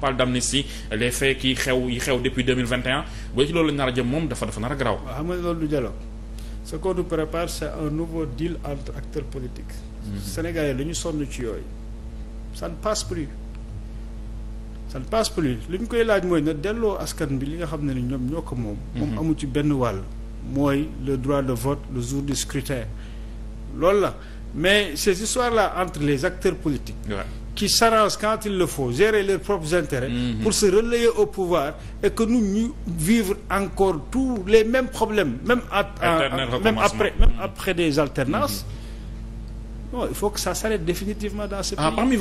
parle d'amnistie les faits qui xew yi xew depuis 2021 ba ci loolu lañ nar a jëm moom dafa dafa nar a garaaw. waaw xam nga loolu du dialogue ce qu'on nous prépare c'est un nouveau deal entre acteurs dañu mhm. sonn ci yooyu. ça ne passe plus ça ne li ñu koy laaj mooy na delloo askan bi li nga xam ne ni ñoom ñoo ko moom. Mhm. moom amul ci benn wàll. mooy le droit de vote le jour du scrutin loolu la. mais ces histoires-là entre les acteurs politiques ouais. qui s'arrangent quand il le faut gérer leurs propres intérêts mhm. pour se relayer au pouvoir et que nous ñu vivre encore tous les mêmes problèmes même, à, à, même après même mhm. après des alternances mmh. non il faut que ça s'arrête définitivement dans ce ah, pays